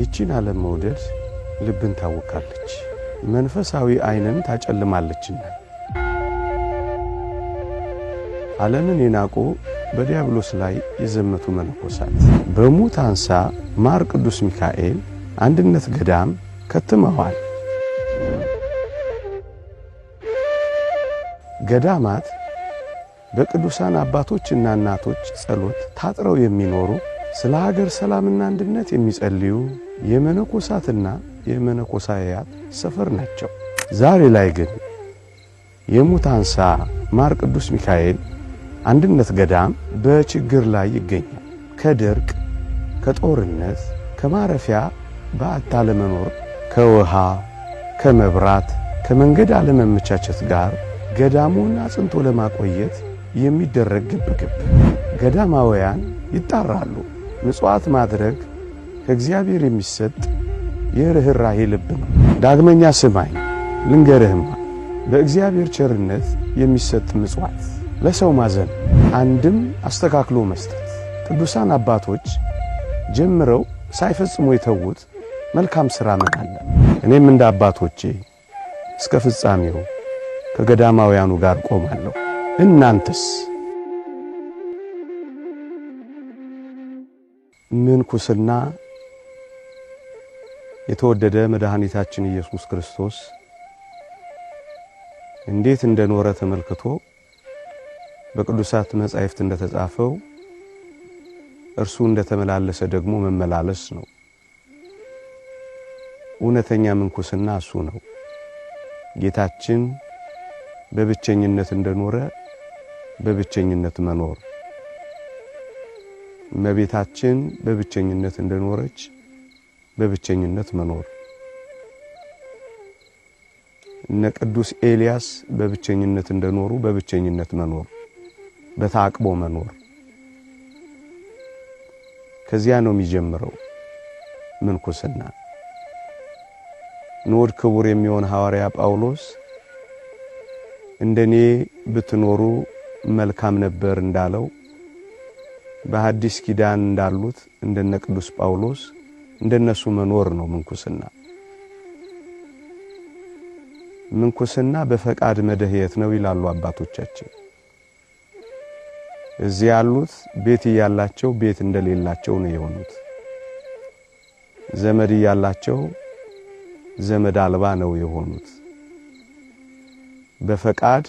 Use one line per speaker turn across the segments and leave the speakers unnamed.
ይቺን ዓለም መውደድ ልብን ታወቃለች፣ መንፈሳዊ ዓይንን ታጨልማለችና። ዓለምን የናቁ በዲያብሎስ ላይ የዘመቱ መነኮሳት በሙት አንሳ ማር ቅዱስ ሚካኤል አንድነት ገዳም ከትመዋል። ገዳማት በቅዱሳን አባቶችና እናቶች ጸሎት ታጥረው የሚኖሩ ስለ ሀገር ሰላምና አንድነት የሚጸልዩ የመነኮሳትና የመነኮሳያት ሰፈር ናቸው። ዛሬ ላይ ግን የሙት አንሳ ማር ቅዱስ ሚካኤል አንድነት ገዳም በችግር ላይ ይገኛል። ከድርቅ፣ ከጦርነት፣ ከማረፊያ በአታ ለመኖር፣ ከውሃ፣ ከመብራት፣ ከመንገድ አለመመቻቸት ጋር ገዳሙን አጽንቶ ለማቆየት የሚደረግ ግብግብ ገዳማውያን ይጣራሉ። ምጽዋት ማድረግ ከእግዚአብሔር የሚሰጥ የርህራ ልብ ነው። ዳግመኛ ስማኝ ልንገርህማ፣ በእግዚአብሔር ቸርነት የሚሰጥ ምጽዋት ለሰው ማዘን፣ አንድም አስተካክሎ መስጠት። ቅዱሳን አባቶች ጀምረው ሳይፈጽሙ የተዉት መልካም ሥራ ምን እኔም እንደ አባቶቼ እስከ ፍጻሜው ከገዳማውያኑ ጋር ቆማለሁ። እናንተስ ምንኩስና የተወደደ መድኃኒታችን ኢየሱስ ክርስቶስ እንዴት እንደኖረ ተመልክቶ በቅዱሳት መጻሕፍት እንደተጻፈው እርሱ እንደተመላለሰ ደግሞ መመላለስ ነው። እውነተኛ ምንኩስና እሱ ነው። ጌታችን በብቸኝነት እንደኖረ በብቸኝነት መኖር፣ እመቤታችን በብቸኝነት እንደኖረች በብቸኝነት መኖር እነ ቅዱስ ኤልያስ በብቸኝነት እንደኖሩ በብቸኝነት መኖር፣ በታቅቦ መኖር ከዚያ ነው የሚጀምረው ምንኩስና። ንዑድ ክቡር የሚሆን ሐዋርያ ጳውሎስ እንደኔ ብትኖሩ መልካም ነበር እንዳለው በሐዲስ ኪዳን እንዳሉት እንደነ ቅዱስ ጳውሎስ እንደነሱ መኖር ነው ምንኩስና። ምንኩስና በፈቃድ መደህየት ነው ይላሉ አባቶቻችን። እዚህ ያሉት ቤት እያላቸው ቤት እንደሌላቸው ነው የሆኑት። ዘመድ እያላቸው ዘመድ አልባ ነው የሆኑት። በፈቃድ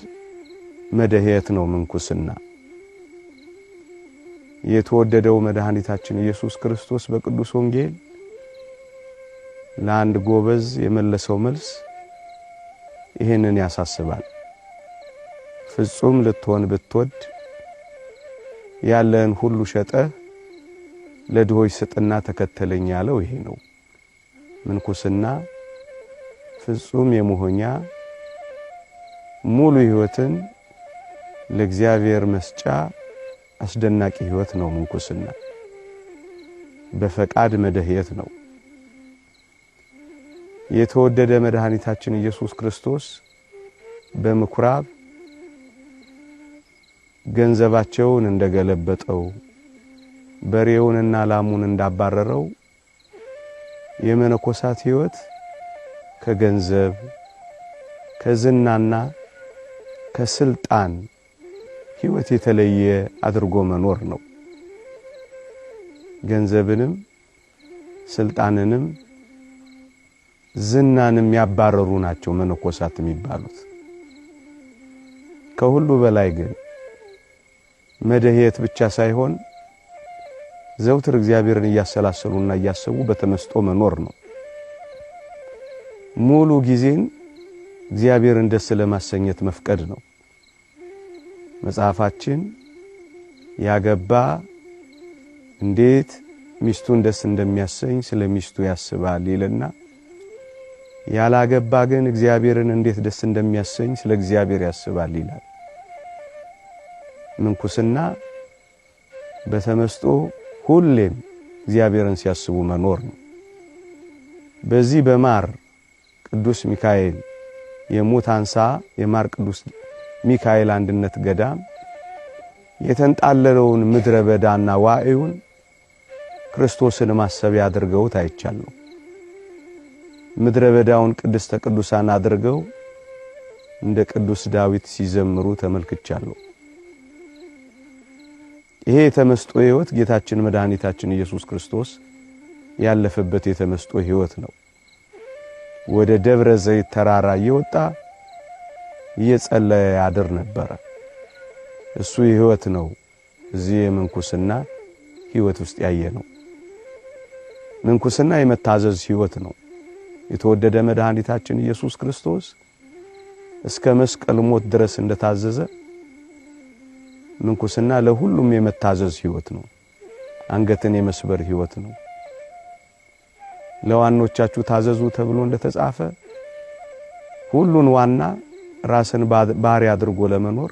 መደህየት ነው ምንኩስና። የተወደደው መድኃኒታችን ኢየሱስ ክርስቶስ በቅዱስ ወንጌል ለአንድ ጎበዝ የመለሰው መልስ ይህንን ያሳስባል። ፍጹም ልትሆን ብትወድ ያለን ሁሉ ሸጠህ ለድሆች ስጥና ተከተለኝ ያለው ይሄ ነው። ምንኩስና ፍጹም የመሆኛ ሙሉ ህይወትን ለእግዚአብሔር መስጫ አስደናቂ ህይወት ነው። ምንኩስና በፈቃድ መደህየት ነው። የተወደደ መድኃኒታችን ኢየሱስ ክርስቶስ በምኩራብ ገንዘባቸውን እንደገለበጠው በሬውንና ላሙን እንዳባረረው የመነኮሳት ሕይወት ከገንዘብ ከዝናና ከስልጣን ሕይወት የተለየ አድርጎ መኖር ነው። ገንዘብንም ስልጣንንም ዝናንም ያባረሩ ናቸው መነኮሳት የሚባሉት። ከሁሉ በላይ ግን መደህየት ብቻ ሳይሆን ዘውትር እግዚአብሔርን እያሰላሰሉና እያሰቡ በተመስጦ መኖር ነው። ሙሉ ጊዜን እግዚአብሔርን ደስ ለማሰኘት መፍቀድ ነው። መጽሐፋችን ያገባ እንዴት ሚስቱን ደስ እንደሚያሰኝ ስለ ሚስቱ ያስባል ይልና ያላገባ ግን እግዚአብሔርን እንዴት ደስ እንደሚያሰኝ ስለ እግዚአብሔር ያስባል ይላል። ምንኩስና በተመስጦ ሁሌም እግዚአብሔርን ሲያስቡ መኖር ነው። በዚህ በማር ቅዱስ ሚካኤል የሙት አንሳ የማር ቅዱስ ሚካኤል አንድነት ገዳም የተንጣለለውን ምድረ በዳና ዋዕዩን ክርስቶስን ማሰቢያ አድርገውት አይቻለሁ። ምድረ በዳውን ቅድስተ ቅዱሳን አድርገው እንደ ቅዱስ ዳዊት ሲዘምሩ ተመልክቻለሁ። ይሄ የተመስጦ ሕይወት ጌታችን መድኃኒታችን ኢየሱስ ክርስቶስ ያለፈበት የተመስጦ ሕይወት ነው። ወደ ደብረ ዘይት ተራራ እየወጣ እየጸለየ ያድር ነበረ። እሱ ሕይወት ነው። እዚህ የምንኩስና ሕይወት ውስጥ ያየ ነው። ምንኩስና የመታዘዝ ሕይወት ነው። የተወደደ መድኃኒታችን ኢየሱስ ክርስቶስ እስከ መስቀል ሞት ድረስ እንደታዘዘ ምንኩስና ለሁሉም የመታዘዝ ሕይወት ነው። አንገትን የመስበር ሕይወት ነው። ለዋኖቻችሁ ታዘዙ ተብሎ እንደተጻፈ ሁሉን ዋና ራስን ባሪያ አድርጎ ለመኖር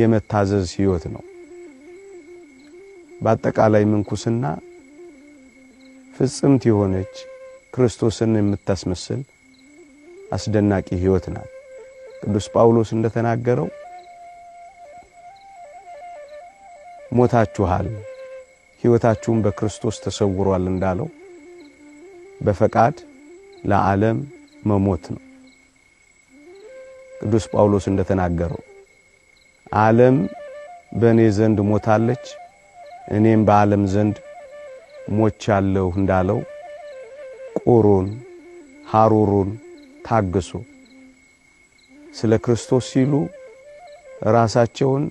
የመታዘዝ ሕይወት ነው። በአጠቃላይ ምንኩስና ፍጽምት የሆነች ክርስቶስን የምታስመስል አስደናቂ ህይወት ናት። ቅዱስ ጳውሎስ እንደተናገረው ሞታችኋል፣ ህይወታችሁም በክርስቶስ ተሰውሯል እንዳለው በፈቃድ ለዓለም መሞት ነው። ቅዱስ ጳውሎስ እንደተናገረው ዓለም በእኔ ዘንድ ሞታለች፣ እኔም በዓለም ዘንድ ሞቻለሁ እንዳለው ፍቁሩን ሐሩሩን ታግሱ። ስለ ክርስቶስ ሲሉ ራሳቸውን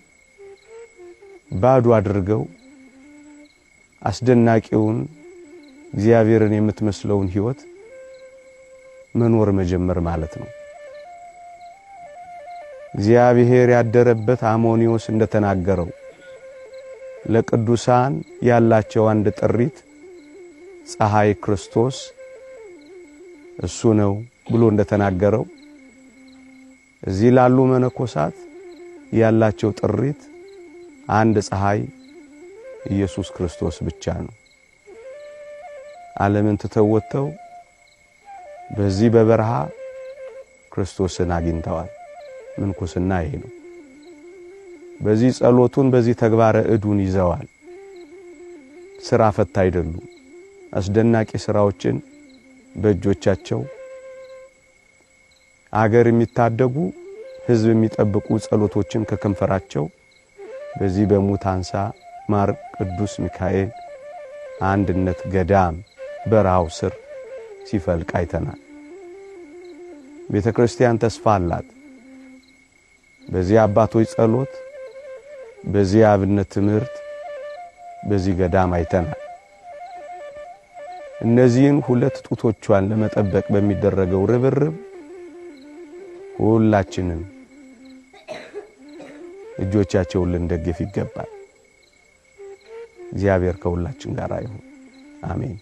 ባዶ አድርገው አስደናቂውን እግዚአብሔርን የምትመስለውን ሕይወት መኖር መጀመር ማለት ነው። እግዚአብሔር ያደረበት አሞኒዎስ እንደተናገረው ለቅዱሳን ያላቸው አንድ ጥሪት ፀሐይ ክርስቶስ እሱ ነው ብሎ እንደተናገረው እዚህ ላሉ መነኮሳት ያላቸው ጥሪት አንድ ፀሐይ ኢየሱስ ክርስቶስ ብቻ ነው። ዓለምን ትተወጥተው በዚህ በበረሃ ክርስቶስን አግኝተዋል። ምንኩስና ይሄ ነው። በዚህ ጸሎቱን፣ በዚህ ተግባረ እዱን ይዘዋል። ስራ ፈት አይደሉም። አስደናቂ ስራዎችን በእጆቻቸው አገር የሚታደጉ ህዝብ የሚጠብቁ ጸሎቶችን ከከንፈራቸው በዚህ በሙት አንሳ ማር ቅዱስ ሚካኤል አንድነት ገዳም በረሃው ስር ሲፈልቅ አይተናል። ቤተ ክርስቲያን ተስፋ አላት። በዚህ አባቶች ጸሎት፣ በዚህ አብነት ትምህርት፣ በዚህ ገዳም አይተናል። እነዚህን ሁለት ጡቶቿን ለመጠበቅ በሚደረገው ርብርብ ሁላችንም እጆቻቸውን ልንደግፍ ይገባል። እግዚአብሔር ከሁላችን ጋር ይሁን። አሜን።